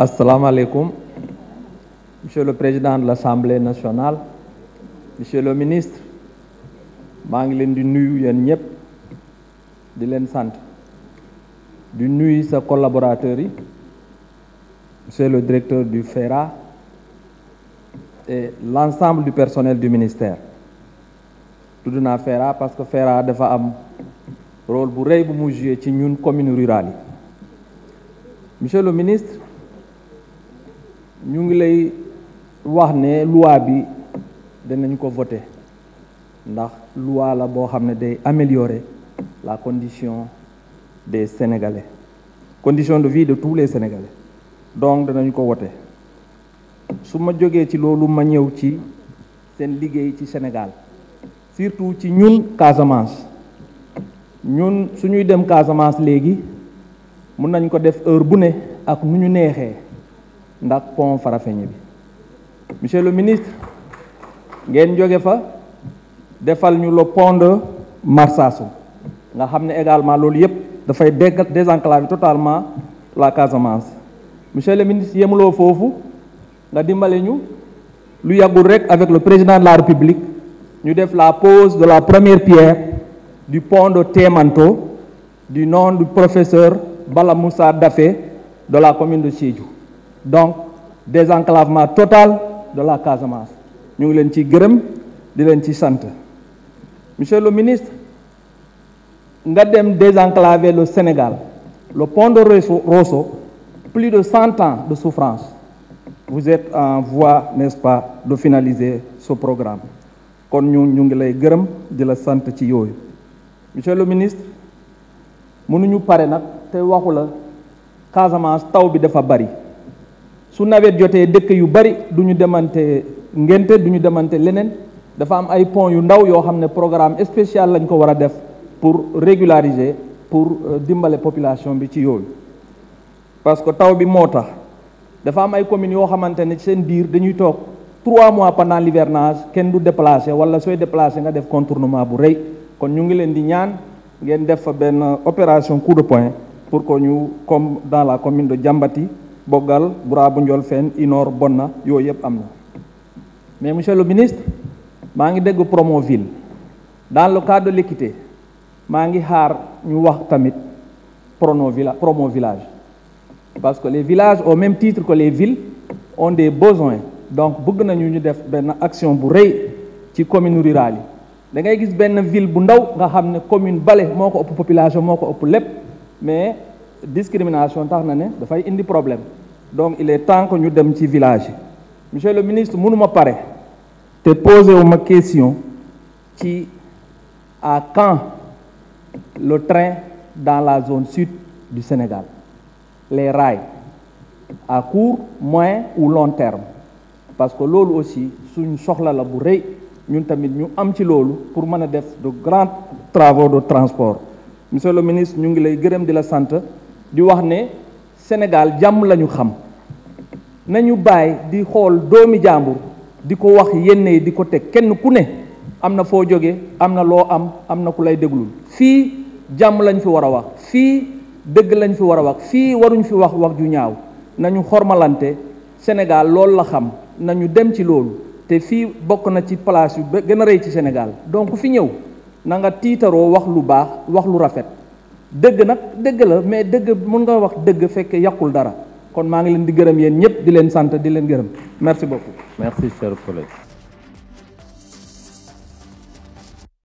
Assalamu alaikum. Monsieur le Président de l'Assemblée nationale, Monsieur le Ministre, Mangline ngi di sa collaborateur, monsieur le directeur du FERA et l'ensemble du personnel du ministère Tout monde FERA parce que FERA dafa un rôle pour nous, bu mu commune rurale monsieur le ministre ñu ngi lay wax ne loi bi danañ ko voter ndax loi la boo xam ne day améliorer la condition des Sénégalais condition de vie de tous les Sénégalais donc danañ ko voter su ma jógee ci loolu ma ñëw ci seen liggéey ci Sénégal surtout ci ñun Casamance ñun suñuy dem Casamance léegi mun nañ ko def heure bu ne ak nu ñu neexee pont monsieur le ministre ngeen jóge fa le pont de Marsasso. nga xam également de faire de totalement la Casamance monsieur le ministre yemuloo fofu. nga dimbale ñu lu avec le président de la République ñu def la pose de la première pierre du pont de Témanto du nom du professeur Bala Moussa de la commune de Sédhiou donc désenclavement total de la Casamance Nous ngi leen ci monsieur le ministre nous avons désenclaver le Sénégal le pont de Rosso plus de 100 ans de souffrance vous êtes en voie n'est-ce pas de finaliser ce programme monsieur le ministre nous devons parlé te la Casamance taw bi su nawet jotee dëkk yu bari du ñu demante ngénte du ñu demante leneen dafa am ay pont yu ndaw yoo xam programme spécial lañ ko war def pour régulariser pour euh, dimbale population bi ci yooyu parce que taw bi moo tax dafa am ay communes yoo xamante ne seen biir dañuy toog trois mois pendant l'hivernage kenn du déplacer wala sooy déplacer nga def contournement bu rëy kon ñu ngi leen di ñaan ngeen def fa benn opération coup de poing pour que ñu comme dans la commune de Diambati Bogal Inor Bonna Amna. mais monsieur le ministre mangi promouvoir la Promoville dans le cadre de l'équité je suis village parce que les villages au même titre que les villes ont des besoins donc si nañu ñu une action bu les communes rurales. rurale da ville commune population mais discrimination tax un problème donc il est temps que nous un village monsieur le ministre nous parle te posé une question qui à quand le train dans la zone sud du Sénégal les rails à court moyen ou long terme parce que l'eau aussi sous une la de nous ñun tamit ñu pour faire de grands travaux de transport monsieur le ministre nous avons lay de la santé di Sénégal jàmm lañu xam nañu bàyyi di xool doomi jàmbur di ko wax yenn yi di ko teg kenn ku ne am na foo jóge am na loo am am na ku lay déglul fii jàmm lañ fi war a wax fii dëgg lañ fi war a wax fii waruñ fi wax wax ju ñaaw nañu xormalante Sénégal loolu la xam nañu dem ci loolu te fii bokk na ci place yu ba gën a rëy ci Sénégal donc fi ñëw na nga tiitaroo wax lu baax wax lu rafet dëgg nag dëgg la mais dëgg mun nga wax dëgg fekkee yàqul dara kon maa ngi leen di gërëm yéen ñëpp di leen sant di leen gërëm merci boobu merci cher collègue